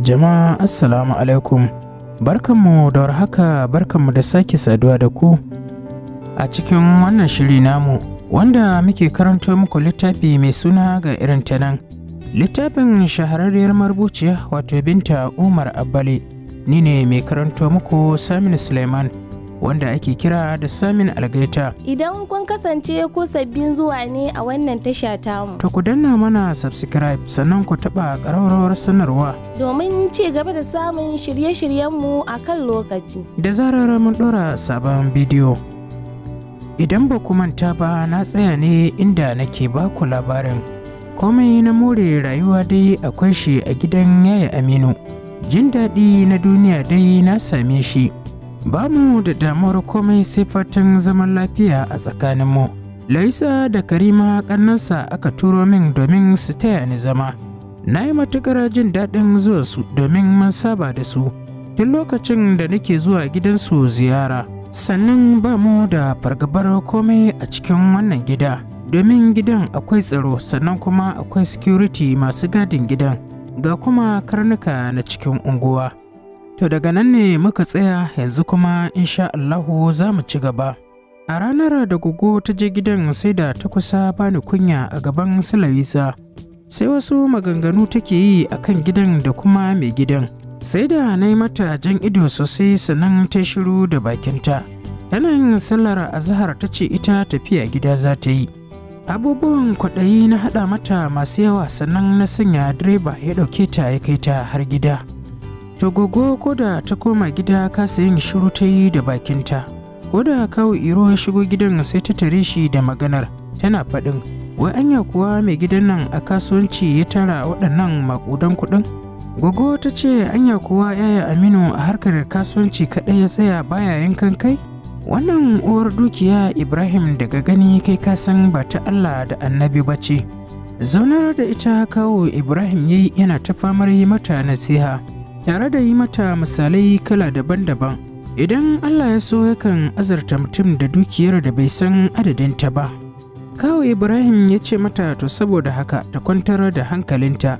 Jama'a Assalamu alaikum barkanmu da warhaka barkanmu da sake saduwa da ku a cikin wannan shiri namu wanda muke karanto muku littafi mai suna ga irin ta nan littafin shahararriyar marubuciya wato binta umar Abbali, ni ne mai karanto muku samin suleiman wanda ake kira da samin algaita idan kun kasance ko sabbin zuwa ne a wannan tasha tamu to ku danna mana subscribe sannan ku taba ƙararrawar sanarwa domin ci gaba da samun shirye-shiryenmu a kan lokaci da zarar mun ɗora sabon bidiyo idan ba ku manta ba na tsaya ne inda nake baku labarin komai na more rayuwa dai akwai shi a gidan yaya aminu jin daɗi na duniya dai na same shi ba mu da damar komai sai fatan zaman lafiya a tsakaninmu laisa da karima ƙannansa aka turo min domin su taya ni zama na yi matuƙar jin daɗin zuwa su domin mun saba da su tun lokacin da nake zuwa gidansu ziyara sannan ba mu da fargabar komai a cikin wannan gida domin gidan akwai tsaro sannan kuma akwai security masu gadin gidan ga kuma karnuka na cikin unguwa to daga nan ne muka tsaya yanzu kuma insha Allahu za mu ci gaba a ranar da gugu ta je gidan sai da ta kusa bani kunya a gaban Sulawisa sai wasu maganganu take yi a kan gidan da kuma mai gidan sai da na yi mata jan ido sosai sannan ta shiru da bakinta. Yanayin sallar azahar ta ce ita tafiya gida za ta yi, abubuwan kwaɗayi na haɗa mata masu yawa sannan na sanya direba ya ɗauke ta ya kai ta har gida togogo ko da ta koma gida kasa yin shiru ta yi da bakinta ko da kawo iro ya shigo gidan sai ta tare shi da maganar tana faɗin wai anya kuwa mai gidan nan a kasuwanci ya tara waɗannan maƙudan kuɗin gogo ta ce anya kuwa yaya aminu a harkar kasuwanci kaɗai ya tsaya baya yankan kai wannan uwar dukiya ibrahim daga gani kai kasan ba ta allah da annabi ba ce zaunar da ita kawo ibrahim ya yi yana ta famar yi mata nasiha tare da yi mata misalai kala daban-daban idan allah ya so yakan azarta mutum da dukiyar da bai san adadin ta ba kawo ibrahim ya ce mata to saboda haka ta kwantar da hankalinta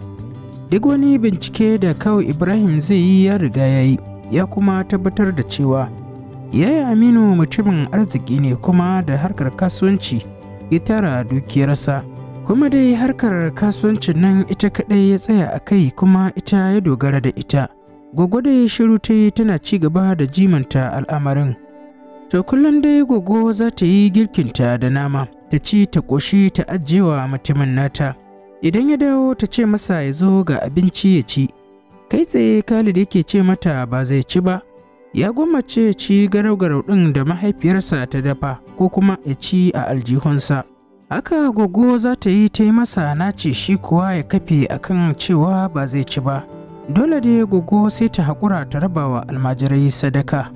duk wani bincike da kawo ibrahim zai yi ya riga ya yi ya kuma tabbatar da cewa Yaya Aminu mutumin arziki ne kuma da harkar kasuwanci ya tara dukiyarsa kuma dai harkar kasuwancin nan ita kaɗai ya tsaya a kai kuma ita ya dogara da ita. Gogo dai shiru ta yi tana ci gaba da jimanta al'amarin. To kullum dai gogo za ta yi girkinta da nama, ta ci ta ƙoshi ta ajiyewa mutumin nata. Idan ya dawo ta ce masa ya zo ga abinci ya ci. Kai tsaye Khalid yake ce mata ba zai ci ba, ya gwammace ci garau-garau ɗin da mahaifiyarsa ta dafa ko kuma ya ci a aljihunsa. Haka gogo za ta yi ta yi masa nace shi kuwa ya kafe a kan cewa ba zai ci ba. Dole dai gogo sai ta haƙura ta raba wa almajirai sadaka.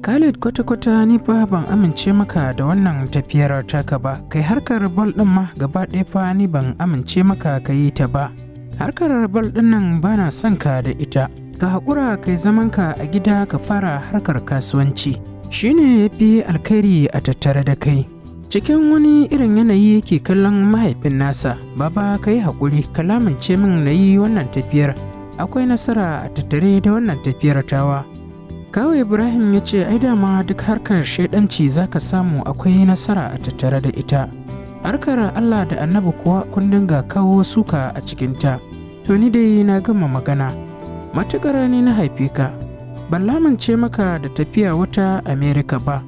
Khalid kwata-kwata ni fa ban amince maka da wannan tafiyar taka ba, kai harkar bal ɗin ma gaba ɗaya fa ni ban amince maka ka yi ta ba. Harkar bal ɗin nan ba na son ka da ita. ka haƙura kai zamanka a gida ka fara harkar kasuwanci shine ya fi alkhairi a tattare da kai cikin wani irin yanayi yake kallon mahaifin nasa baba ka yi haƙuri ka lamince min na yi wannan tafiyar akwai nasara a tattare da wannan tafiyar tawa kawo ibrahim ya ce ai dama duk harkar shaidanci za ka samu akwai nasara a tattare da ita harkar allah da annabi kuwa kun dinga kawo suka a cikinta to ni dai na gama magana matuƙar rani na haife ka ban lamance maka da tafiya wata amerika ba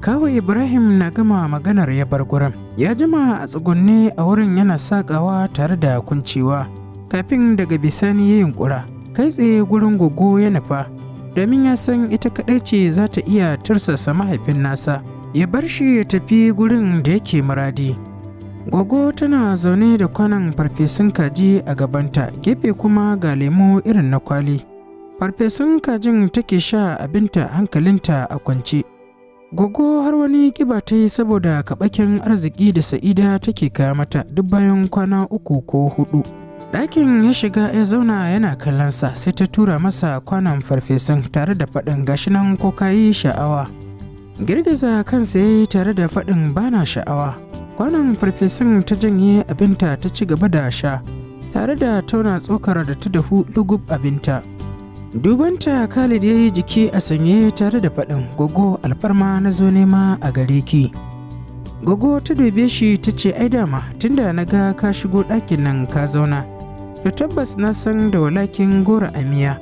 kawai ibrahim na gama maganar ya bar gurin ya jima a tsugunne a wurin yana saƙawa tare da kuncewa kafin daga bisani ya yunkura kai tsaye gurin gogo ya nufa domin ya san ita kaɗai ce za ta iya tursasa mahaifin nasa ya bar shi ya tafi gurin da yake muradi Gwaggo tana zaune da kwanan farfesun kaji a gabanta, gefe kuma ga lemo irin na kwali. Farfesun kajin take sha abinta hankalinta a kwance. Gwaggo har wani kiba ta yi saboda kaɓakin arziki da sa'ida take kaya mata duk bayan kwana uku ko hudu. ɗakin ya shiga ya zauna yana kallonsa sai ta tura masa kwanan farfesun tare da faɗin gashinan nan ko kayi sha'awa girgiza kansa ya yi tare da faɗin bana sha'awa kwanan farfesun ta janye abinta ta ci gaba da sha tare da tauna tsokar da ta dahu lugub abinta dubanta khalid ya yi jiki a sanye tare da faɗin gogo alfarma na zo nema a gare ki gogo ta dube shi ta ce ai dama tunda na ga ka shigo ɗakin nan ka zauna da tabbas na san da walakin gora amiya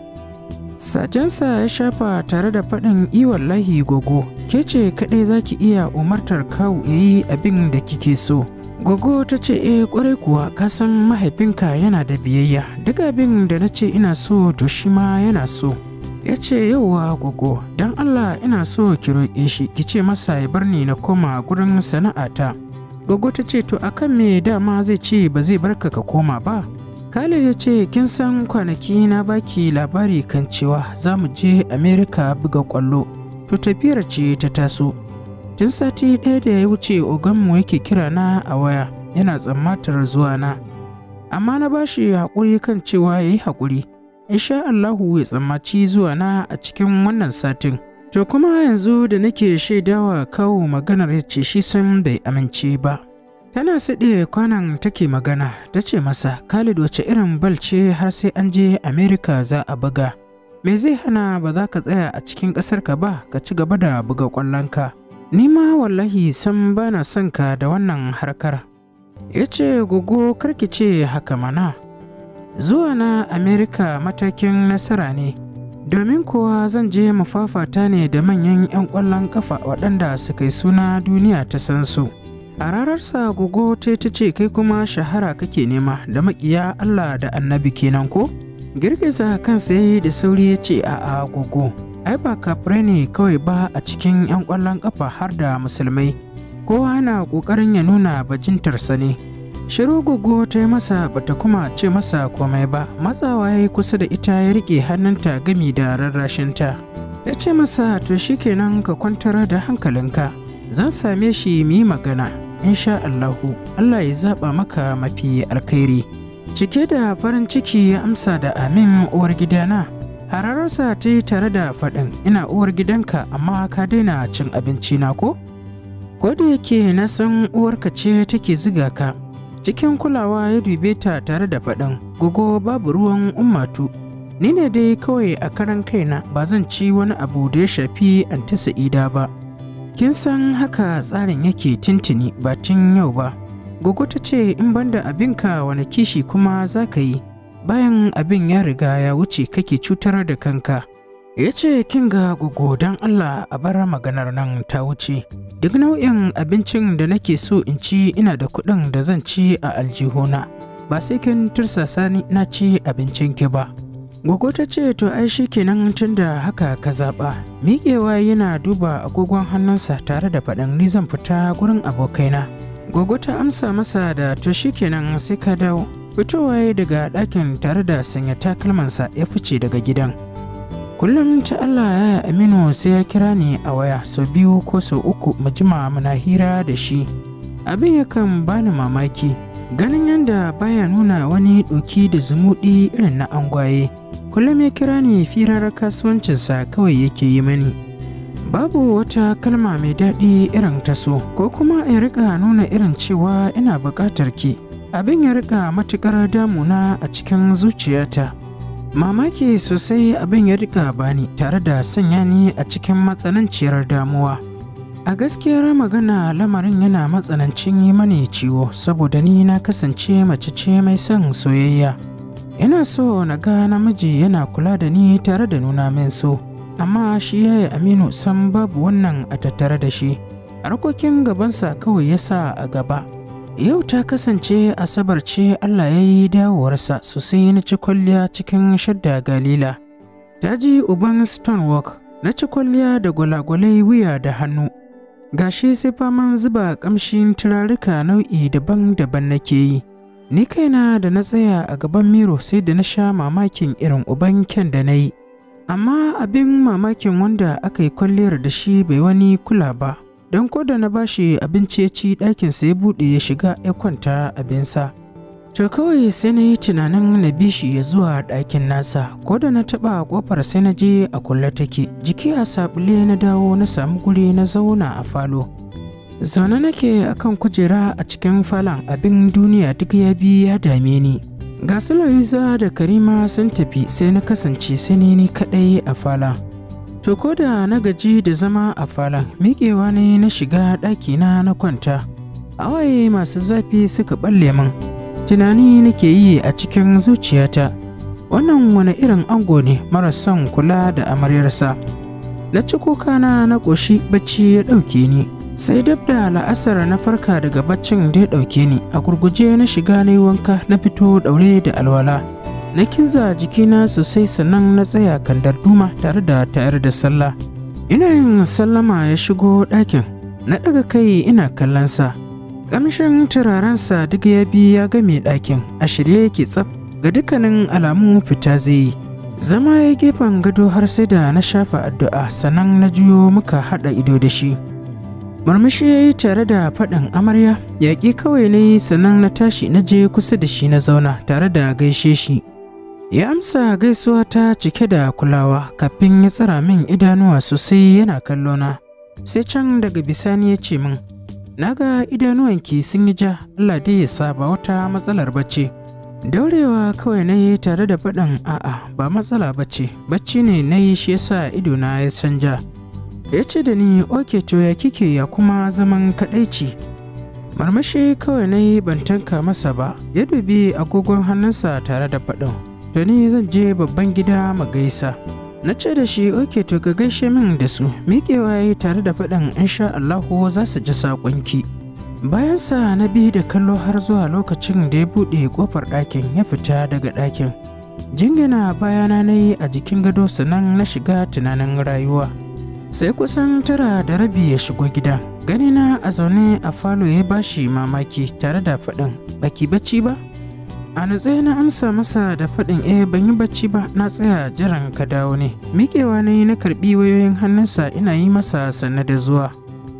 sajensa ya shafa tare da faɗin lahi gogo ke ce kaɗai za ki iya umartar kawu ya yi abin da kike so gogo ta ce e ƙwarai kuwa kasan mahaifinka yana da biyayya duk abin da na ce ina so to shi ma yana so ya ce yauwa gogo don allah ina so ki roƙe shi ki ce masa ya bar ni na koma gurin sana'ata gogo ta ce to akan me dama zai ce ba zai barka ka koma ba Khalid ya ce kin san kwanaki na baki labari kan cewa za mu je Amerika buga kwallo. To tafiyar ce ta taso. Tun sati ɗaya da ya wuce oganmu yake kira na a waya yana tsammatar zuwa na. Amma na bashi haƙuri kan cewa ya yi haƙuri. Insha Allahu ya tsammaci zuwa na a cikin wannan satin. To kuma yanzu da nake shaidawa kawo maganar ya ce shi sun bai amince ba. Tana siɗe kwanan take magana ta ce masa Khalid wace irin balce har sai an je Amerika za a buga. Me zai hana ba za ka tsaya a cikin ƙasarka ba ka ci gaba da buga ka. Ni ma wallahi san ba na son ka da wannan harkar. Ya ce gugu karki ce haka mana. Zuwa na Amerika matakin nasara ne. domin kowa zan je mafafata ne da manyan 'yan ƙwallon ƙafa waɗanda suka yi suna duniya ta san su a rararsa gogo ta ta ce kai kuma shahara kake nema da makiya Allah da annabi kenan ko? Girgiza kan sai da sauri ya ce a gogo, ai ba kafirai ne kawai ba a cikin 'yan ƙwallon ƙafa har da musulmai, kowa na ƙoƙarin ya nuna bajintarsa ne. Shiru gogo ta yi masa bata kuma ce masa komai ba, matsawa ya yi kusa da ita ya riƙe hannunta gami da rarrashinta. Ya ce masa to shikenan ka kwantar da hankalinka, zan same shi mu yi magana. In sha Allahu Allah ya zaɓa maka mafi alkhairi. Cike da farin ciki ya amsa da amin uwar gidana. Hararsa ta yi tare da faɗin ina uwar gidanka amma ka daina cin abinci na ko? Ko yake na san uwarka ce take ziga ka. Cikin kulawa ya dube ta tare da faɗin gogo babu ruwan ummatu. Ni ne dai kawai a karan kaina ba zan ci wani abu da ya shafi Sa'ida ba. Kin san haka tsarin yake tintini ba tun yau ba. Gogo ta ce in banda abinka wani kishi kuma za ka yi, bayan abin ya riga ya wuce kake cutar da kanka. Ya ce kin ga gogo don Allah a bar maganar nan ta wuce. Duk nau'in abincin da nake so in ci ina da kuɗin da zan ci a aljihuna. Ba sai kin tursasa ni na ci abincin ki ba. Gogo ta ce to ai shi kenan tun da haka ka zaɓa. Miƙewa yana duba agogon hannunsa tare da faɗan ni zan fita gurin abokaina. Gogo ta amsa masa da to shi kenan sai ka dawo. Fitowa daga ɗakin tare da sanya takalmansa ya fice daga gidan. Kullum ta Allah ya Aminu sai ya kira ni a waya sau biyu ko sau uku mu jima muna hira da shi. Abin yakan bani mamaki ganin yadda baya nuna wani ɗoki da zumuɗi irin na angwaye. kullum ya kira ni firar kasuwancinsa kawai yake yi mani babu wata kalma mai daɗi irin ta so ko kuma ya riƙa nuna irin cewa ina buƙatar ki abin ya riƙa matuƙar damuna a cikin zuciyata mamaki sosai abin ya rika bani tare da sanya ni a cikin matsananciyar damuwa A gaskiyar magana lamarin yana matsanancin yi mani ciwo saboda ni na kasance mace ce mai son soyayya. Ina so na ga namiji yana kula da ni tare da nuna min so, amma shi ya yi Aminu san babu wannan a tattare da shi. Harkokin gabansa kawai ya sa a gaba. Yau ta kasance Asabar ce Allah ya yi dawowarsa sosai na ci kwalliya cikin shadda galila. Ta ji uban Stonewalk na ci kwalliya da gwalagwalai wuya da hannu. Gashi sai faman zuba ƙamshin turarika nau'i daban-daban nake yi. Ni kaina da na tsaya a gaban miro sai da na sha mamakin irin uban kyan da na yi, amma abin mamakin wanda aka yi kwalliyar da shi bai wani kula ba, don ko da na bashi abinci ya ci ɗakin sa ya buɗe ya shiga ya kwanta abinsa. To kawai sai na yi tunanin na bi shi ya zuwa ɗakin nasa, ko da na taɓa ƙofar sai na je a kulle take, jiki a saɓule na dawo na samu guri na zauna a falo. zaune nake akan kujera a cikin falon abin duniya duk ya bi ya dame ni ga su da karima sun tafi sai na kasance sai ni kaɗai a falon to ko da na gaji da zama a falon miƙewa ne na shiga ɗakina na kwanta awaye masu zafi suka ɓalle min tunani nake yi a cikin zuciyata wannan wani irin ango ne mara son kula da amaryarsa na ci kuka na na ƙoshi bacci ya ɗauke ni sai dab da la'asar na farka daga baccin da ya ɗauke ni a gurguje na shiga na yi wanka na fito ɗaure da alwala na kinza jikina sosai sannan na tsaya kan darduma tare da tayar da sallah ina yin sallama ya shigo ɗakin na ɗaga kai ina kallonsa ƙamshin turarensa duk ya bi ya game ɗakin a shirye yake tsaf ga dukkanin alamu fita zai yi zama ya gefen gado har sai da na shafa addu'a sannan na juyo muka haɗa ido da shi murmushi ya yi tare da faɗin amarya yaƙi kawai ne sannan na tashi na je kusa da shi na zauna tare da gaishe shi ya amsa gaisuwa ta cike da kulawa kafin ya tsara min idanuwa sosai yana kallona sai can daga bisani ya ce min na ga idanuwanki sun yi ja Allah dai ya saba wata matsalar bacci daurewa kawai na yi tare da faɗin a'a ba matsala bacci bacci ne na yi shi yasa idona ya canja ya ce da ni oke to ya kike ya kuma zaman kadaici marmashi kawai na yi ban masa ba ya dubi agogon hannunsa tare da faɗin to ni zan je babban gida ma gaisa na ce da shi oke to ka gaishe min da su miƙewa ya yi tare da faɗin insha Allahu za su ji saƙonki bayansa na bi da kallo har zuwa lokacin da ya buɗe ƙofar ɗakin ya fita daga ɗakin jingina bayana na yi a jikin gado sannan na shiga tunanin rayuwa sai kusan tara da rabi ya shigo gida ganina a zaune a falo ya shi mamaki tare da faɗin baki bacci ba a nutse na amsa masa da faɗin eh ban yi bacci ba na tsaya jiran ka dawo ne miƙewa na yi na karɓi wayoyin hannunsa ina yi masa sanna da zuwa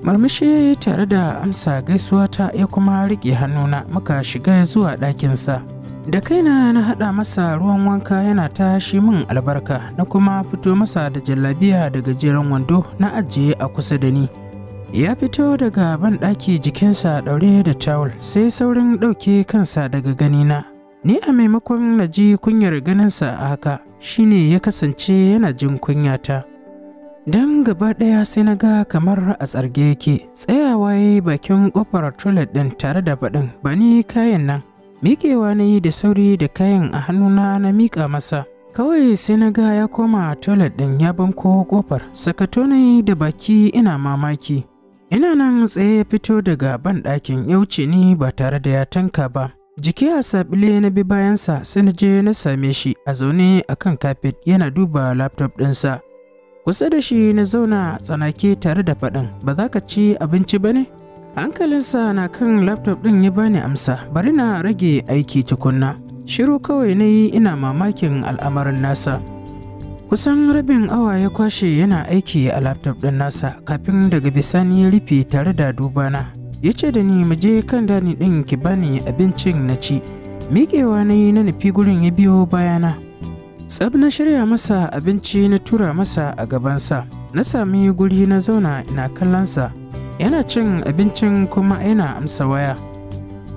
marmashi ya yi tare da amsa gaisuwa ta ya kuma riƙe hannuna muka shiga zuwa ɗakinsa da kaina na haɗa masa ruwan wanka yana ta shi min albarka na kuma fito masa da jallabiya daga jiran wando na ajiye a kusa da ni ya fito daga banɗaki jikinsa ɗaure da tawul sai saurin ɗauke kansa daga ganina ni a maimakon na ji kunyar ganinsa a haka shine ya kasance yana jin kunyata don gaba ɗaya sai na ga kamar a tsarge yake tsayawa bakin kofar toilet ɗin tare da faɗin ba ni kayan nan Miƙewa na yi da sauri da kayan a hannuna na miƙa masa. Kawai sai na ga ya koma toilet ɗin ya banko ƙofar, sakato na yi da baki ina mamaki. Ina nan tsaye ya fito daga banɗakin ya wuce ni ba tare da ya tanka ba. Jiki a sabile na bi bayansa sai na je na same shi a zaune a kan kafet yana duba laptop ɗinsa. Kusa da shi na zauna tsanake tare da faɗin ba za ka ci abinci ba ne? hankalinsa na kan laptop ɗin ya bani amsa bari na rage aiki tukunna shiru kawai na yi ina mamakin al'amarin nasa kusan rabin awa ya kwashe yana aiki a laptop ɗin nasa kafin daga bisani ya rufe tare da dubana ya ce da ni muje kan dani ɗin ki bani abincin na ci miƙewa na yi na nufi gurin ya biyo bayana tsab na shirya masa abinci na tura masa a gabansa na sami guri na zauna ina kallonsa yana cin abincin kuma yana amsa waya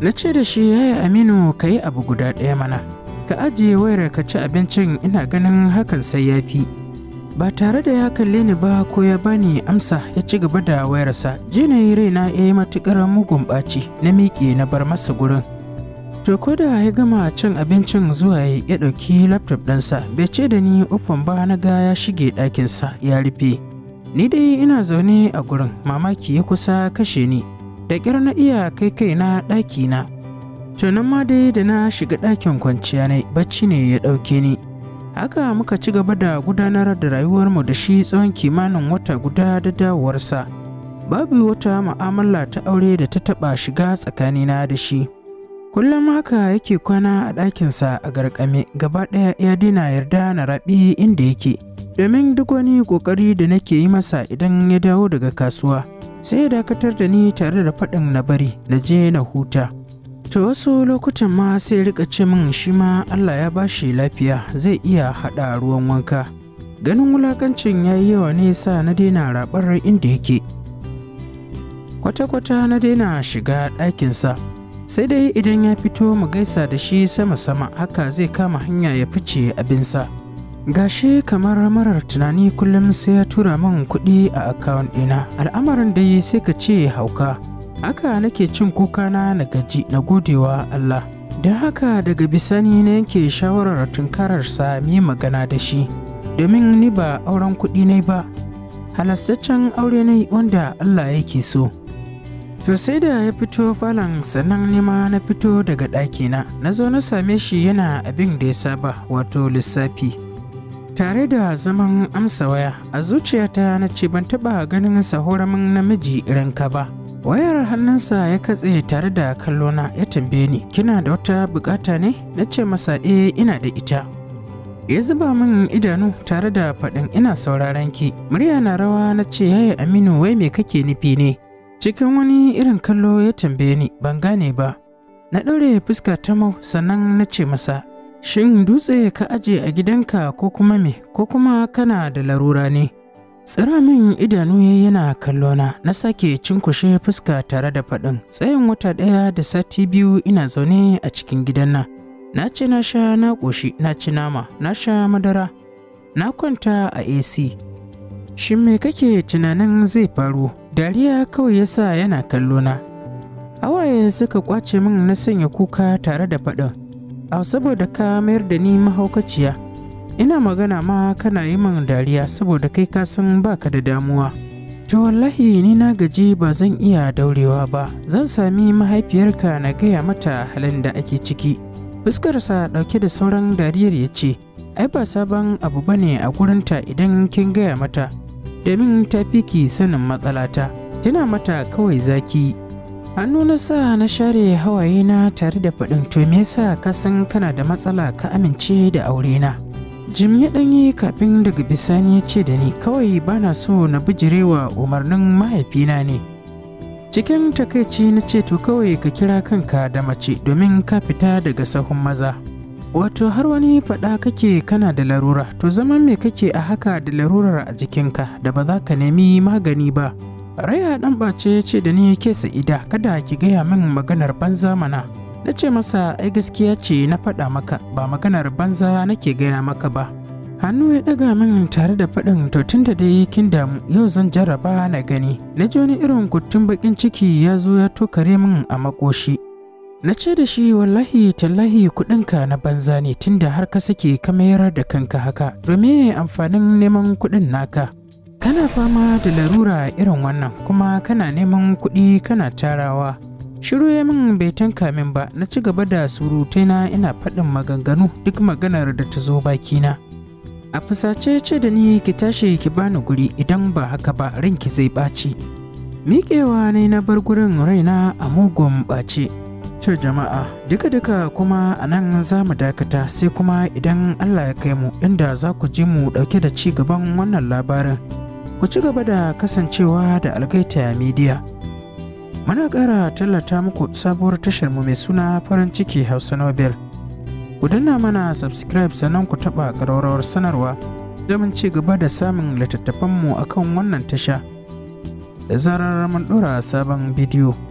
na ce da shi yaya aminu ka yi abu guda ɗaya mana ka ajiye wayar ka ci abincin ina ganin hakan sai ya fi ba tare da ya kalle ni ba ko ya bani amsa ya ci gaba da wayarsa jinayi raina ya yi matuƙar mugun ɓaci na miƙe na bar masa gurin to ko da ya gama cin abincin zuwa ya ɗauki laptop ɗinsa bai ce da ni uffan ba na ga ya shige ɗakinsa ya rufe Ni dai ina zaune a gurin mamaki ya kusa kashe ni, da ƙyar na iya kai kai kaina ɗakina. Tunan ma dai da na shiga ɗakin kwanciya na bacci ne ya ɗauke ni. Haka muka ci gaba da gudanar da rayuwarmu da shi tsawon kimanin wata guda da dawowarsa. Babu wata ma'amala ta aure da ta taɓa shiga tsakanina da shi. Kullum haka yake kwana a ɗakinsa a garkame gaba ɗaya ya dina yarda na raɓi inda yake. domin duk wani ƙoƙari da nake yi masa idan ya dawo daga kasuwa sai ya dakatar da ni tare da faɗin na bari na je na huta to wasu lokutan ma sai rika ce min shi ma allah ya ba shi lafiya zai iya haɗa ruwan wanka ganin wulakancin ya yi yawa ne sa na daina raɓar inda yake kwata-kwata na daina shiga ɗakinsa sai dai idan ya fito mu gaisa da shi sama-sama haka zai kama hanya ya fice abinsa. gashi kamar marar tunani kullum sai ya tura min kuɗi a akawun ɗina al'amarin dai sai ka ce hauka haka nake cin kuka na na gaji na godewa Allah Don haka daga bisani na yanke shawarar tunkararsa sami magana da shi domin ni ba auren kuɗi ne ba halastaccen aure ne wanda Allah yake so to sai da ya fito falon sannan nema na fito daga ɗakina na zo na same shi yana abin da ya saba wato lissafi tare da zaman amsa waya a zuciyata na ce ban taɓa ganin sahoramin namiji irin ka ba wayar hannunsa ya katse tare da kallona ya tambaye ni kina da wata bukata ne na ce masa eh ina da ita ya zuba min idanu tare da faɗin ina sauraron ki murya na rawa na ce yaya aminu wai me kake nufi ne cikin wani irin kallo ya tambaye ni ban gane ba na ɗaure fuska ta mau sannan na ce masa Shin dutse ka aje a gidanka ko kuma me, ko kuma kana da larura ne? Tsira min idanu yana kallona, na sake cinkushe fuska tare da faɗin tsayin wata ɗaya da sati biyu ina zaune a cikin gidan nan. Na ce na sha na ƙoshi, na ci nama, na sha madara, na kwanta a AC. Shin me kake tunanin zai faru? Dariya kawai yasa yana kallona. Hawaye suka kwace min na sanya kuka tare da faɗin. a saboda ka mayar da ni mahaukaciya ina magana ma kana yi man dariya saboda kai ka san baka da damuwa to wallahi ni na gaji ba zan iya daurewa ba zan sami mahaifiyarka na gaya mata halin da ake ciki fuskarsa ɗauke da sauran dariyar ya ce ai ba sabon abu ba ne a gurinta idan kin gaya mata domin ta fi ki sanin matsalata tana mata kawai zaki hannu na sa na share hawaye na tare da faɗin to me yasa ka san kana da matsala ka amince da aure na jim ya ɗanyi kafin daga bisani ya ce da ni kawai bana so na bijirewa umarnin mahaifina ne cikin takaici na ce to kawai ka kira kanka da mace domin ka fita daga sahun maza wato har wani faɗa kake kana da larura to zama me kake a haka da larurar a jikinka da ba za ka nemi magani ba Raya ɗan bace ya ce da ni ke ida kada ki gaya min maganar banza mana. Na ce masa ai gaskiya ce na faɗa maka ba maganar banza nake gaya maka ba. hannu ya ɗaga min tare da faɗin to tun da dai kin damu yau zan jarraba na gani na ji wani irin kuttun bakin ciki ya zo ya tokare min a makoshi na ce da shi wallahi tallahi kuɗinka na banza ne tunda har ka sake kamayar da kanka haka domin amfanin neman kuɗin naka kana fama da larura irin wannan kuma kana neman kuɗi kana tarawa shiru ya min bai tanka min ba na ci gaba da surutaina ina faɗin maganganu duk maganar da ta zo bakina a fusace ce da ni ki tashi ki bani guri idan ba haka ba ranki zai ɓaci miƙewa ne na bar gurin raina a mugun ɓace to jama'a duka-duka kuma a nan za mu dakata sai kuma idan allah ya kai mu inda za ku ji mu ɗauke da ci gaban wannan labarin ku ci gaba da kasancewa da alkaita media muna ƙara tallata muku sabuwar tashar mu mai suna farin ciki hausa nobel ku danna mana subscribe sannan ku taɓa ƙararrawar sanarwa domin ci gaba da samun littattafanmu akan wannan tasha da zarar mun ɗora sabon bidiyo